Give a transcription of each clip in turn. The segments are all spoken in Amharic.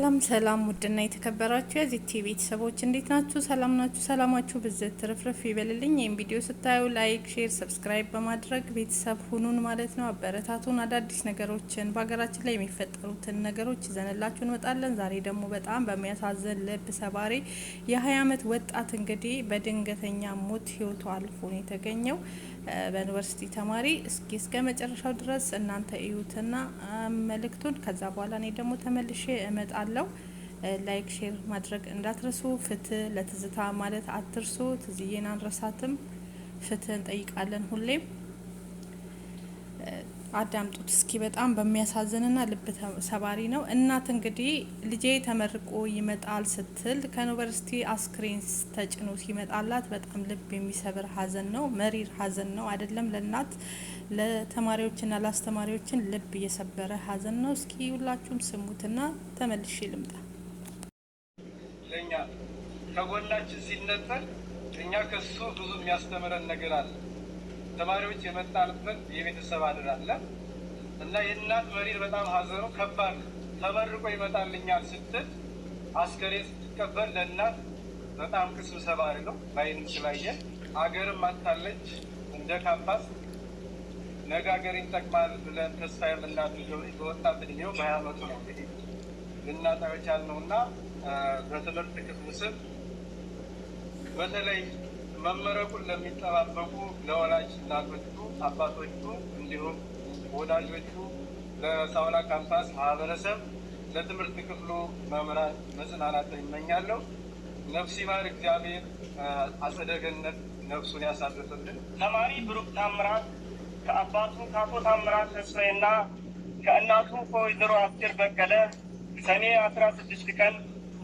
ሰላም ሰላም፣ ውድና የተከበራችሁ የዚህ ቲቪ ቤተሰቦች እንዴት ናችሁ? ሰላም ናችሁ? ሰላማችሁ ብዝት ትርፍርፍ ይበልልኝ። ይህም ቪዲዮ ስታዩ ላይክ፣ ሼር፣ ሰብስክራይብ በማድረግ ቤተሰብ ሁኑን ማለት ነው። አበረታቱን። አዳዲስ ነገሮችን በሀገራችን ላይ የሚፈጠሩትን ነገሮች ይዘንላችሁ እንመጣለን። ዛሬ ደግሞ በጣም በሚያሳዝን ልብ ሰባሪ የሀያ አመት ወጣት እንግዲህ በድንገተኛ ሞት ህይወቱ አልፎ ነው የተገኘው። በዩኒቨርሲቲ ተማሪ እስኪ እስከ መጨረሻው ድረስ እናንተ እዩትና መልእክቱን። ከዛ በኋላ እኔ ደግሞ ተመልሼ እመጣለሁ። ላይክ ሼር ማድረግ እንዳትረሱ። ፍትህ ለትዝታ ማለት አትርሱ። ትዝዬን አንረሳትም፣ ፍትህ እንጠይቃለን ሁሌም። አዳምጡት እስኪ። በጣም በሚያሳዝንና ልብ ሰባሪ ነው። እናት እንግዲህ ልጄ ተመርቆ ይመጣል ስትል ከዩኒቨርሲቲ አስክሬን ተጭኖ ሲመጣላት በጣም ልብ የሚሰብር ሐዘን ነው። መሪር ሐዘን ነው አይደለም? ለእናት ለተማሪዎችና ለአስተማሪዎችን ልብ እየሰበረ ሐዘን ነው። እስኪ ሁላችሁም ስሙትና ተመልሼ ልምጣ። ለእኛ ከጎናችን ሲነጠል እኛ ከሱ ብዙ የሚያስተምረን ነገር አለ ተማሪዎች የመጣ ትምህርት የቤተሰብ አድር አለ እና የእናት መሪር በጣም ሀዘኑ ከባድ ነው። ተመርቆ ይመጣልኛል ስትል አስከሬን ስትቀበል ለእናት በጣም ቅስም ሰባሪ ነው። በአይን ስላየ አገርም አታለች እንደ ካምፓስ ነገ ሀገር ይጠቅማል ብለን ተስፋ የምናት በወጣት እድሜው በሀያ አመቱ ነው እንግዲህ ልናጣ ነው እና በትምህርት ክፍል ስም በተለይ መመረቁን ለሚጠባበቁ ለወላጅ እናቶቹ፣ አባቶቹ እንዲሁም ወዳጆቹ፣ ለሳውና ካምፓስ ማህበረሰብ፣ ለትምህርት ክፍሉ መምህራን መጽናናት ይመኛለሁ። ነፍስ ይማር። እግዚአብሔር አጸደገነት ነፍሱን ያሳርፍልን። ተማሪ ብሩክ ታምራት ከአባቱ ከአቶ ታምራት ተስፋዬና ከእናቱ ከወይዘሮ አስቴር በቀለ ሰኔ አስራ ስድስት ቀን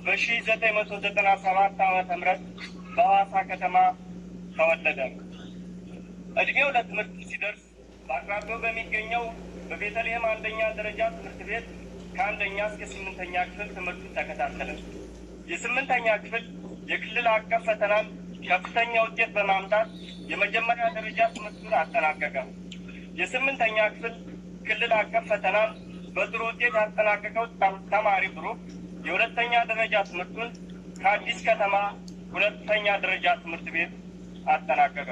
በሺ ዘጠኝ መቶ ዘጠና ሰባት በሐዋሳ ከተማ ተወለደ። እድሜው ለትምህርት ሲደርስ በአቅራቢያው በሚገኘው በቤተልሔም አንደኛ ደረጃ ትምህርት ቤት ከአንደኛ እስከ ስምንተኛ ክፍል ትምህርቱን ተከታተለ። የስምንተኛ ክፍል የክልል አቀፍ ፈተናን ከፍተኛ ውጤት በማምጣት የመጀመሪያ ደረጃ ትምህርቱን አጠናቀቀ። የስምንተኛ ክፍል ክልል አቀፍ ፈተናን በጥሩ ውጤት ያጠናቀቀው ተማሪ ብሩክ የሁለተኛ ደረጃ ትምህርቱን ከአዲስ ከተማ ሁለተኛ ደረጃ ትምህርት ቤት አጠናቀቀ።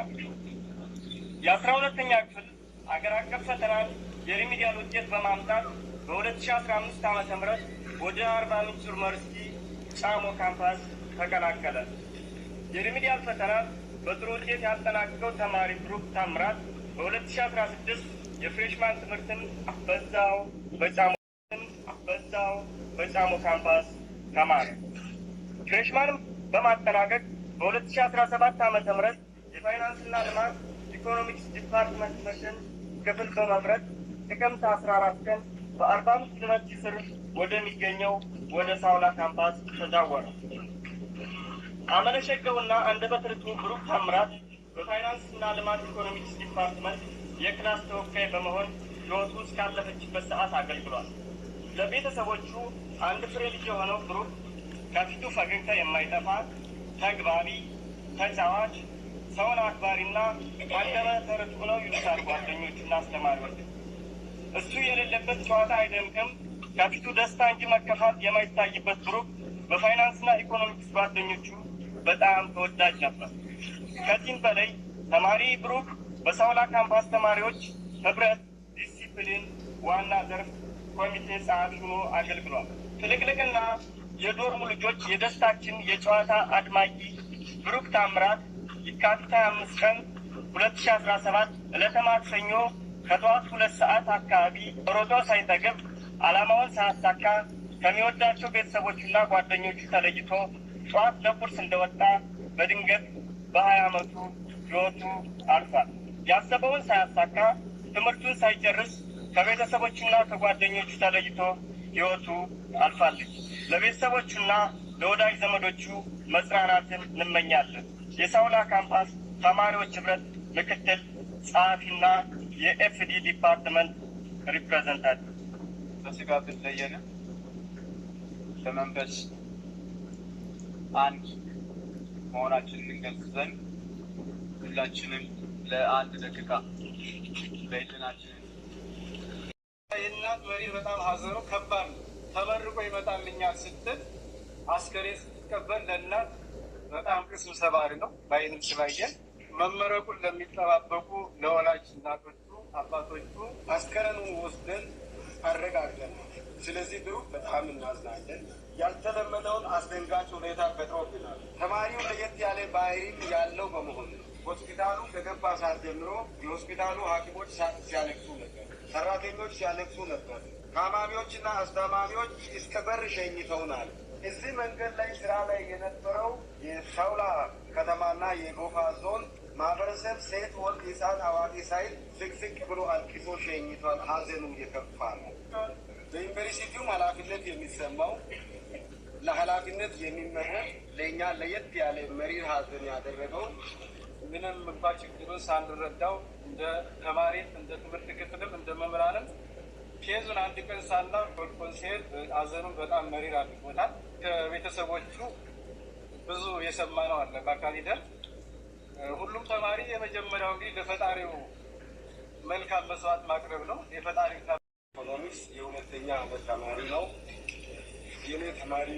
የአስራ ሁለተኛ ክፍል አገር አቀፍ ፈተናን የሪሚዲያል ውጤት በማምጣት በ2015 ዓ ም ወደ አርባ ምንጭ ዩኒቨርሲቲ ጫሞ ካምፓስ ተቀላቀለ። የሪሚዲያል ፈተናን በጥሩ ውጤት ያጠናቀቀው ተማሪ ብሩክ ታምራት በ2016 የፍሬሽማን ትምህርትን በዛው በጫሞ በዛው በጫሞ ካምፓስ ተማረ። ፍሬሽማንም በማጠናቀቅ በ2017 ዓ ም የፋይናንስና ልማት ኢኮኖሚክስ ዲፓርትመንት መሽን ክፍል በመምረት ጥቅምት 14 ቀን በአርባ አምስት ስር ወደሚገኘው ወደ ሳውላ ካምፓስ ተዛወረ። አመለሸገውና አንደበት ርቱ ብሩክ ታምራት በፋይናንስና ልማት ኢኮኖሚክስ ዲፓርትመንት የክላስ ተወካይ በመሆን ህይወቱ እስካለፈችበት ሰዓት አገልግሏል። ለቤተሰቦቹ አንድ ፍሬ ልጅ የሆነው ብሩክ ከፊቱ ፈገግታ የማይጠፋ ተግባቢ፣ ተጫዋች፣ ሰውን አክባሪና አደበ ርቱዕ ነው ይሉታል ጓደኞችና አስተማሪዎች። እሱ የሌለበት ጨዋታ አይደምቅም፣ ከፊቱ ደስታ እንጂ መከፋት የማይታይበት ብሩክ በፋይናንስና ኢኮኖሚክስ ጓደኞቹ በጣም ተወዳጅ ነበር። ከዚህም በላይ ተማሪ ብሩክ በሳውላ ካምፓስ ተማሪዎች ህብረት ዲሲፕሊን ዋና ዘርፍ ኮሚቴ ጸሐፊ ሆኖ አገልግሏል። ትልቅልቅና የዶርሙ ልጆች የደስታችን የጨዋታ አድማቂ ብሩክ ታምራት የካቲት ሀያ አምስት ቀን ሁለት ሺ አስራ ሰባት ዕለተ ማክሰኞ ከጠዋት ሁለት ሰዓት አካባቢ ሮጦ ሳይጠግብ ዓላማውን ሳያሳካ ከሚወዳቸው ቤተሰቦችና ጓደኞቹ ተለይቶ ጠዋት ለቁርስ እንደወጣ በድንገት በሀያ ዓመቱ ሕይወቱ አልፏል። ያሰበውን ሳያሳካ ትምህርቱን ሳይጨርስ ከቤተሰቦቹና ከጓደኞቹ ተለይቶ ሕይወቱ አልፋለች። ለቤተሰቦቹና ለወዳጅ ዘመዶቹ መጽናናትን እንመኛለን። የሳውና ካምፓስ ተማሪዎች ህብረት ምክትል ጸሐፊና የኤፍዲ ዲፓርትመንት ሪፕሬዘንታቲቭ በስጋ ብንለየንም በመንፈስ አንድ መሆናችንን እንገልጽ ዘንድ ሁላችንም ለአንድ ደቂቃ ለይትናችንን የእናት መሪ በጣም ሀዘኑ ከባድ ነው። ተመርቆ ይመጣልኛል ስትል አስከሬን ስትቀበል ለእናት በጣም ቅስም ሰባሪ ነው። በአይንም ስላየን መመረቁን ለሚጠባበቁ ለወላጅ እናቶቹ፣ አባቶቹ አስከረኑ ወስደን አረጋግጠን። ስለዚህ ብሩክ በጣም እናዝናለን። ያልተለመደውን አስደንጋጭ ሁኔታ ፈጥሮብናል። ተማሪው ለየት ያለ ባህሪም ያለው በመሆኑ ሆስፒታሉ ከገባ ሰዓት ጀምሮ የሆስፒታሉ ሐኪሞች ሲያለቅሱ ነበር፣ ሰራተኞች ሲያለቅሱ ነበር። ታማሚዎችና አስታማሚዎች እስከ በር ሸኝተውናል። እዚህ መንገድ ላይ ስራ ላይ የነበረው የሳውላ ከተማና የጎፋ ዞን ማህበረሰብ ሴት፣ ወንድ፣ የሳት አዋቂ ሳይል ዝቅዝቅ ብሎ አልቅሶ ሸኝቷል። ሀዘኑ የከፋ ነው። በዩኒቨርሲቲውም ኃላፊነት የሚሰማው ለኃላፊነት የሚመረጥ ለእኛ ለየት ያለ መሪር ሀዘን ያደረገው ምንም እንኳ ችግሩን ሳንረዳው እንደ ተማሪም እንደ ትምህርት ክፍልም እንደ መምህራንም ኬዙን አንድ ቀን ሳላ ኮንሴል አዘኑን በጣም መሪር አድርጎታል። ከቤተሰቦቹ ብዙ የሰማ ነው አለ በአካል ሁሉም ተማሪ የመጀመሪያው እንግዲህ ለፈጣሪው መልካም መስዋዕት ማቅረብ ነው። የፈጣሪ ኢኮኖሚክስ የሁለተኛ ዓመት ተማሪ ነው። የኔ ተማሪ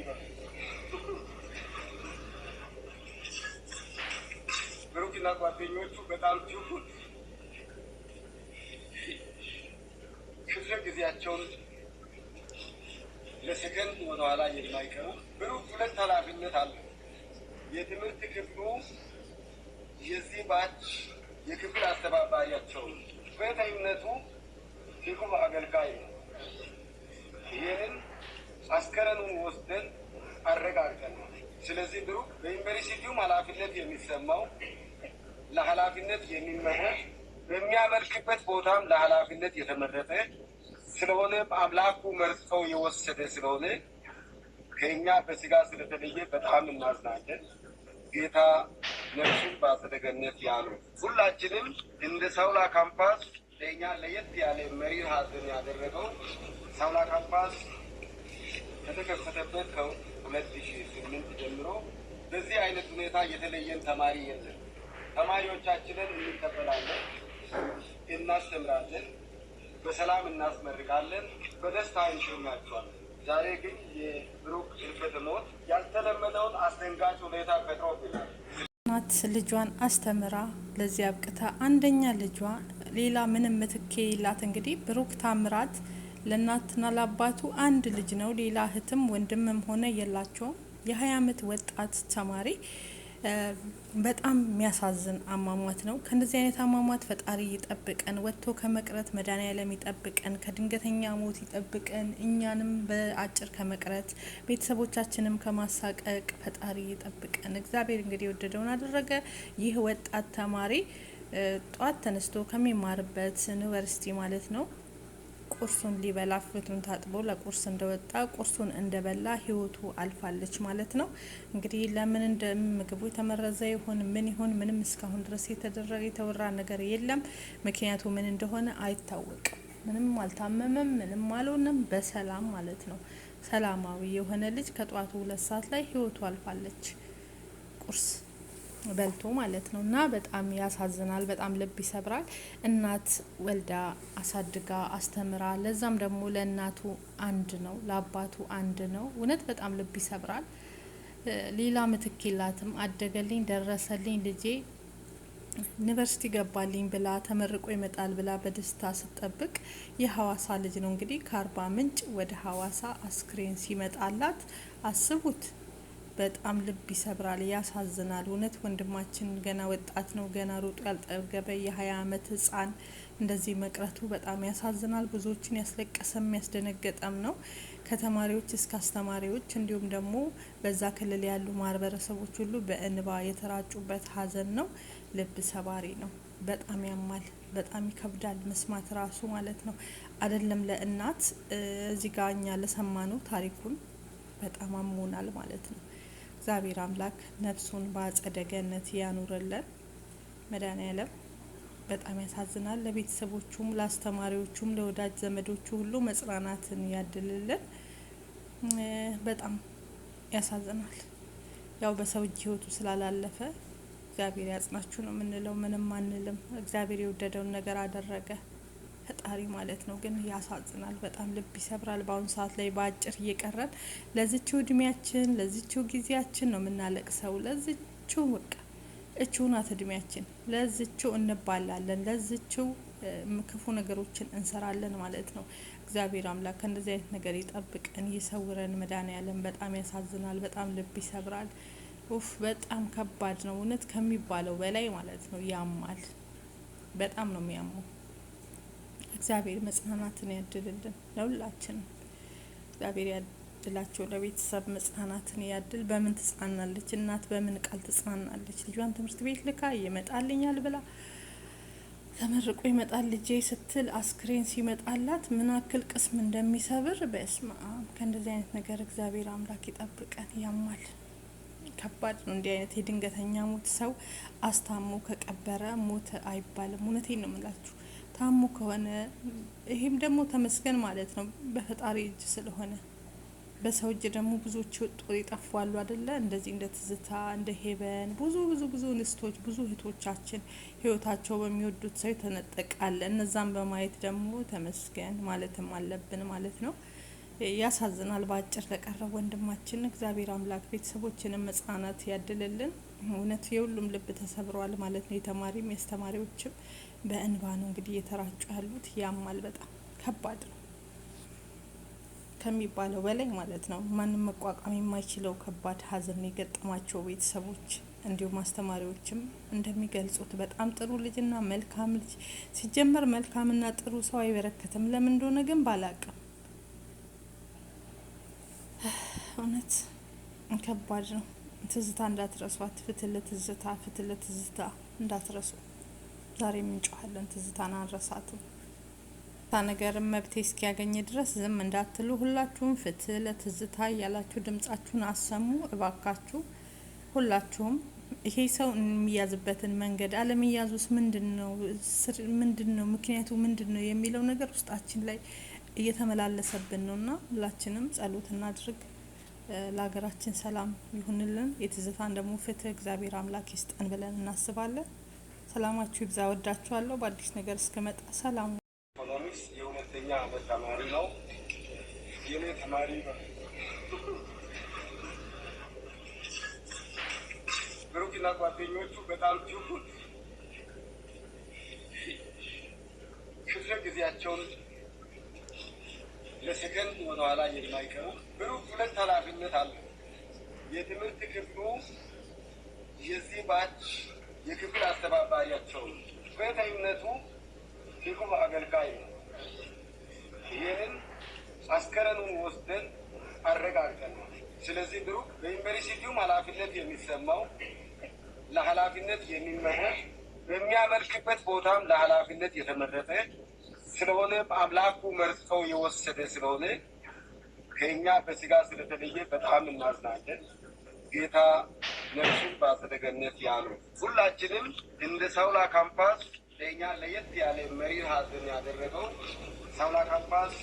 ብሩክና ጓደኞቹ በጣም ትሁት ክፍለ ጊዜያቸውን ለሰከንድ ወደኋላ የማይቀሩ ብሩክ ሁለት ኃላፊነት አለ። የትምህርት ክፍሉ የዚህ ባች የክፍል አስተባባሪያቸው በተይነቱ የቁም አገልጋይ ነው። ይህንን አስከረኑን ወስደን አረጋግጠን ስለዚህ ብሩክ በዩኒቨርሲቲውም ኃላፊነት የሚሰማው ለኃላፊነት የሚመረጥ በሚያመልክበት ቦታም ለኃላፊነት የተመረጠ ስለሆነ አምላኩ መርጠው የወሰደ ስለሆነ ከኛ በስጋ ስለተለየ በጣም እናዝናለን። ጌታ ነፍሱን በአጸደ ገነት ያሉ ሁላችንም እንደ ሳውላ ካምፓስ ለእኛ ለየት ያለ መሪ ሀዘን ያደረገው ሳውላ ካምፓስ ከተከፈተበት ከሁለት ሺ ስምንት ጀምሮ በዚህ አይነት ሁኔታ የተለየን ተማሪ የለም። ተማሪዎቻችንን እንቀበላለን፣ እናስተምራለን። በሰላም እናስመርቃለን፣ በደስታ እንሸኛቸዋለን። ዛሬ ግን የብሩክ ህልፈተ ሞት ያልተለመደውን አስደንጋጭ ሁኔታ ፈጥሮብናል። እናት ልጇን አስተምራ ለዚህ አብቅታ አንደኛ ልጇ ሌላ ምንም ምትኬ የላት። እንግዲህ ብሩክ ታምራት ለእናትና ለአባቱ አንድ ልጅ ነው። ሌላ እህትም ወንድምም ሆነ የላቸውም። የሀያ አመት ወጣት ተማሪ በጣም የሚያሳዝን አሟሟት ነው። ከእንደዚህ አይነት አሟሟት ፈጣሪ ይጠብቀን፣ ወጥቶ ከመቅረት መድኃኔዓለም ይጠብቀን፣ ከድንገተኛ ሞት ይጠብቀን፣ እኛንም በአጭር ከመቅረት ቤተሰቦቻችንም ከማሳቀቅ ፈጣሪ ይጠብቀን። እግዚአብሔር እንግዲህ የወደደውን አደረገ። ይህ ወጣት ተማሪ ጠዋት ተነስቶ ከሚማርበት ዩኒቨርሲቲ ማለት ነው ቁርሱን ሊበላ ፊቱን ታጥቦ ለቁርስ እንደወጣ ቁርሱን እንደበላ ህይወቱ አልፋለች ማለት ነው። እንግዲህ ለምን እንደ ምግቡ የተመረዘ ይሁን ምን ይሁን ምንም እስካሁን ድረስ የተደረገ የተወራ ነገር የለም። ምክንያቱ ምን እንደሆነ አይታወቅም። ምንም አልታመመም፣ ምንም አልሆነም። በሰላም ማለት ነው። ሰላማዊ የሆነ ልጅ ከጧቱ ሁለት ሰዓት ላይ ህይወቱ አልፋለች። ቁርስ በልቶ ማለት ነው። እና በጣም ያሳዝናል፣ በጣም ልብ ይሰብራል። እናት ወልዳ አሳድጋ አስተምራ፣ ለዛም ደግሞ ለእናቱ አንድ ነው፣ ለአባቱ አንድ ነው። እውነት በጣም ልብ ይሰብራል። ሌላ ምትክ የላትም። አደገልኝ፣ ደረሰልኝ ልጄ ዩኒቨርሲቲ ገባልኝ ብላ ተመርቆ ይመጣል ብላ በደስታ ስትጠብቅ የሀዋሳ ልጅ ነው እንግዲህ ከአርባ ምንጭ ወደ ሀዋሳ አስክሬን ሲመጣላት አስቡት። በጣም ልብ ይሰብራል፣ ያሳዝናል። እውነት ወንድማችን ገና ወጣት ነው፣ ገና ሩጡ ያልጠገበ የሀያ አመት ህጻን እንደዚህ መቅረቱ በጣም ያሳዝናል። ብዙዎችን ያስለቀሰም ያስደነገጠም ነው። ከተማሪዎች እስከ አስተማሪዎች እንዲሁም ደግሞ በዛ ክልል ያሉ ማህበረሰቦች ሁሉ በእንባ የተራጩበት ሀዘን ነው። ልብ ሰባሪ ነው። በጣም ያማል፣ በጣም ይከብዳል መስማት ራሱ ማለት ነው። አይደለም ለእናት እዚህ ጋ እኛ ለሰማነው ታሪኩን በጣም አሞናል ማለት ነው። እግዚአብሔር አምላክ ነፍሱን በአጸደ ገነት ያኑርልን። መድኃኔዓለም በጣም ያሳዝናል። ለቤተሰቦቹም፣ ለአስተማሪዎቹም፣ ለወዳጅ ዘመዶቹ ሁሉ መጽናናትን ያድልልን። በጣም ያሳዝናል። ያው በሰው እጅ ህይወቱ ስላላለፈ እግዚአብሔር ያጽናችሁ ነው የምንለው። ምንም አንልም። እግዚአብሔር የወደደውን ነገር አደረገ። ፈጣሪ ማለት ነው። ግን ያሳዝናል፣ በጣም ልብ ይሰብራል። በአሁኑ ሰዓት ላይ በአጭር እየቀረን ለዝችው እድሜያችን ለዝችው ጊዜያችን ነው የምናለቅሰው። ለዝችው በቃ እችው ናት እድሜያችን። ለዝችው እንባላለን፣ ለዝችው ክፉ ነገሮችን እንሰራለን ማለት ነው። እግዚአብሔር አምላክ ከእንደዚህ አይነት ነገር ይጠብቀን፣ ይሰውረን። ያለን በጣም ያሳዝናል፣ በጣም ልብ ይሰብራል። ኡፍ በጣም ከባድ ነው እውነት ከሚባለው በላይ ማለት ነው። ያማል፣ በጣም ነው የሚያመው። እግዚአብሔር መጽናናትን ያድልልን ለሁላችን እግዚአብሔር ያድላቸው ለቤተሰብ መጽናናትን ያድል። በምን ትጽናናለች እናት? በምን ቃል ትጽናናለች? ልጇን ትምህርት ቤት ልካ ይመጣልኛል ብላ ተመርቆ ይመጣል ልጄ ስትል አስክሬን ሲመጣላት ምን አክል ቅስም እንደሚሰብር በስማ ከእንደዚህ አይነት ነገር እግዚአብሔር አምላክ ይጠብቀን። ያማል፣ ከባድ ነው። እንዲህ አይነት የድንገተኛ ሞት ሰው አስታሞ ከቀበረ ሞተ አይባልም። እውነቴን ነው የምላችሁ። ታሙ ከሆነ ይሄም ደግሞ ተመስገን ማለት ነው። በፈጣሪ እጅ ስለሆነ በሰው እጅ ደግሞ ብዙዎች ጦር ይጠፋሉ አደለ? እንደዚህ እንደ ትዝታ እንደ ሄበን ብዙ ብዙ ብዙ ንስቶች ብዙ እህቶቻችን ህይወታቸው በሚወዱት ሰው ተነጠቃለ እነዛን በማየት ደግሞ ተመስገን ማለትም አለብን ማለት ነው። ያሳዝናል። በአጭር ለቀረብ ወንድማችን እግዚአብሔር አምላክ ቤተሰቦችንም መጽናናት ያድልልን። እውነት የሁሉም ልብ ተሰብረዋል ማለት ነው። የተማሪም የአስተማሪዎችም በእንባ ነው እንግዲህ እየተራጩ ያሉት። ያማል፣ በጣም ከባድ ነው ከሚባለው በላይ ማለት ነው። ማንም መቋቋም የማይችለው ከባድ ሀዘን የገጠማቸው ቤተሰቦች እንዲሁም አስተማሪዎችም እንደሚገልጹት በጣም ጥሩ ልጅና መልካም ልጅ ሲጀመር መልካምና ጥሩ ሰው አይበረከትም። ለምን እንደሆነ ግን ባላቅም እውነት ከባድ ነው። ትዝታ እንዳትረሷት። ፍትህ ለትዝታ፣ ፍትህ ለትዝታ እንዳትረሱ። ዛሬም እንጮኋለን፣ ትዝታን አንረሳትም። ታ ነገር መብቴ እስኪያገኝ ድረስ ዝም እንዳትሉ ሁላችሁም ፍትህ ለትዝታ እያላችሁ ድምጻችሁን አሰሙ እባካችሁ ሁላችሁም። ይሄ ሰው የሚያዝበትን መንገድ አለመያዙስ ምንድን ነው? ምንድን ነው ምክንያቱ ምንድን ነው የሚለው ነገር ውስጣችን ላይ እየተመላለሰብን ነው እና ሁላችንም ጸሎት እናድርግ። ለሀገራችን ሰላም ይሁንልን። የትዝታን ደግሞ ፍትህ እግዚአብሔር አምላክ ይስጠን ብለን እናስባለን። ሰላማችሁ ይብዛ። ወዳችኋለሁ። በአዲስ ነገር እስከመጣ ሰላም ኢኮኖሚክስ የሁለተኛ አመት ተማሪ ነው። የኔ ተማሪ ብሩክና ጓደኞቹ በጣም ትሁት ክፍለ ጊዜያቸውን ለሰከንድ ወደኋላ የማይቀሩ ብሩክ ሁለት ኃላፊነት አለ። የትምህርት ክፍሉ የዚህ ባች የክፍል አስተባባሪያቸው በተይነቱ ፍጹም አገልጋይ ነው። ይህንን አስከረኑን ወስደን አረጋግጠን ስለዚህ ብሩክ በዩኒቨርሲቲውም ኃላፊነት የሚሰማው ለኃላፊነት የሚመረጥ በሚያመልክበት ቦታም ለኃላፊነት የተመረጠ ስለሆነ አምላኩ መርጠው የወሰደ ስለሆነ ከኛ በስጋ ስለተለየ በጣም እናዝናለን ጌታ ነፍሱን በአጸደ ገነት ያኑ። ሁላችንም እንደ ሳውላ ካምፓስ ለእኛ ለየት ያለ መሪ ሀዘን ያደረገው ሳውላ ካምፓስ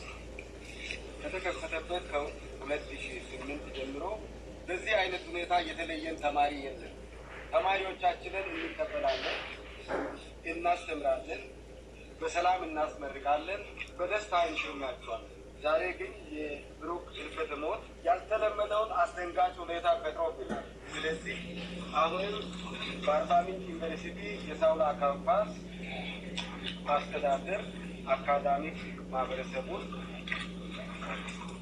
ከተከፈተበት ከሁለት ሺህ ስምንት ጀምሮ በዚህ አይነት ሁኔታ የተለየን ተማሪ የለም። ተማሪዎቻችንን እንቀበላለን፣ እናስተምራለን፣ በሰላም እናስመርቃለን፣ በደስታ እንሸኛቸዋለን። ዛሬ ግን የብሩክ ህልፈተ ሞት ያልተለመደውን አስደንጋጭ ሁኔታ ፈጥሮብናል። ስለዚህ አሁንም በአርባ ምንጭ ዩኒቨርሲቲ የሳውላ ካምፓስ ማስተዳደር አካዳሚክ ማህበረሰቡን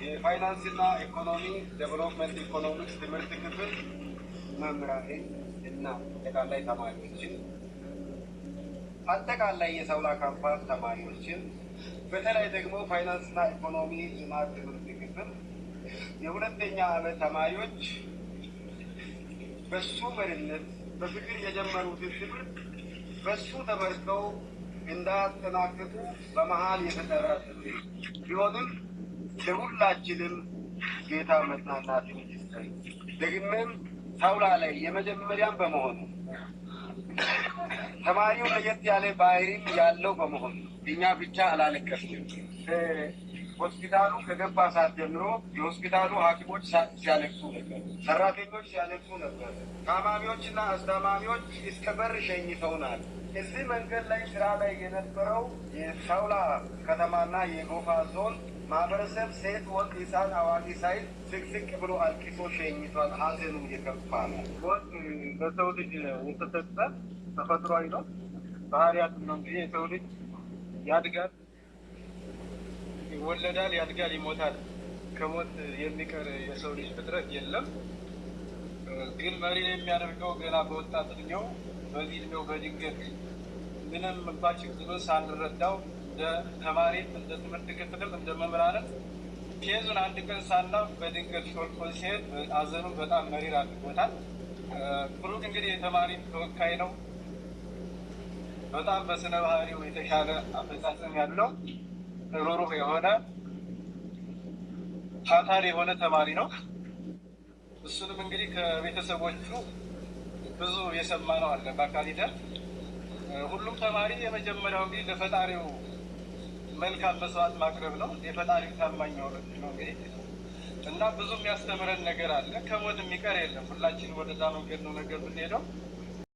የፋይናንስና ኢኮኖሚ ዴቨሎፕመንት ኢኮኖሚክስ ትምህርት ክፍል መምህራን እና ጠቃላይ ተማሪዎችን አጠቃላይ የሰብላ ካምፓስ ተማሪዎችን በተለይ ደግሞ ፋይናንስና ኢኮኖሚ ልማት ትምህርት ክፍል የሁለተኛ ዓመት ተማሪዎች በሱ መሪነት በፍቅር የጀመሩትን ትምህርት በሱ ተመርተው እንዳያጠናቅቁ በመሀል የተጠራ ትምህርት ቢሆንም ለሁላችንም ጌታ መጽናናትን ይስጠን። ደግሞም ሳውላ ላይ የመጀመሪያም በመሆኑ ተማሪው ለየት ያለ ባህሪም ያለው በመሆኑ እኛ ብቻ አላለቀስንም። ሆስፒታሉ ከገባ ሰዓት ጀምሮ የሆስፒታሉ ሐኪሞች ሲያለቅሱ ነበር፣ ሰራተኞች ሲያለቅሱ ነበር። ታማሚዎችና አስታማሚዎች እስከ በር ሸኝተውናል። እዚህ መንገድ ላይ ስራ ላይ የነበረው የሳውላ ከተማና የጎፋ ዞን ማህበረሰብ ሴት፣ ወንድ፣ ህፃን፣ አዋቂ ሳይል ስቅስቅ ብሎ አልቅሶ ሸኝቷል። ሀዘኑ እየከፋ ነው። ሞት በሰው ልጅ የተሰጠ ተፈጥሯዊ ነው። ባህሪያት ነው እንጂ የሰው ልጅ ያድጋል፣ ይወለዳል፣ ያድጋል፣ ይሞታል። ከሞት የሚቀር የሰው ልጅ ፍጥረት የለም። ግን መሪ የሚያደርገው ገና በወጣት እድሜው በዚህ እድሜው በድንገት ምንም እንኳ ችግሩ ሳንረዳው እንደ ተማሪም እንደ ትምህርት ክፍልም እንደ መምህራንም ፌዙን አንድ ቀን ሳናውቅ በድንገት ሾልኮ ሲሄድ አዘኑ በጣም መሪር አድርጎታል። ብሩክ እንግዲህ የተማሪ ተወካይ ነው። በጣም በስነ ባህሪው የተሻለ አፈጻጸም ያለው ሩሩህ የሆነ ታታሪ የሆነ ተማሪ ነው። እሱንም እንግዲህ ከቤተሰቦቹ ብዙ የሰማ ነው አለ በአካል ሂደት ሁሉም ተማሪ የመጀመሪያው እንግዲህ ለፈጣሪው መልካም መስዋዕት ማቅረብ ነው። የፈጣሪ ታማኝ ነው። እና ብዙ የሚያስተምረን ነገር አለ። ከሞት የሚቀር የለም። ሁላችን ወደዛ መንገድ ነው ነገር ብንሄደው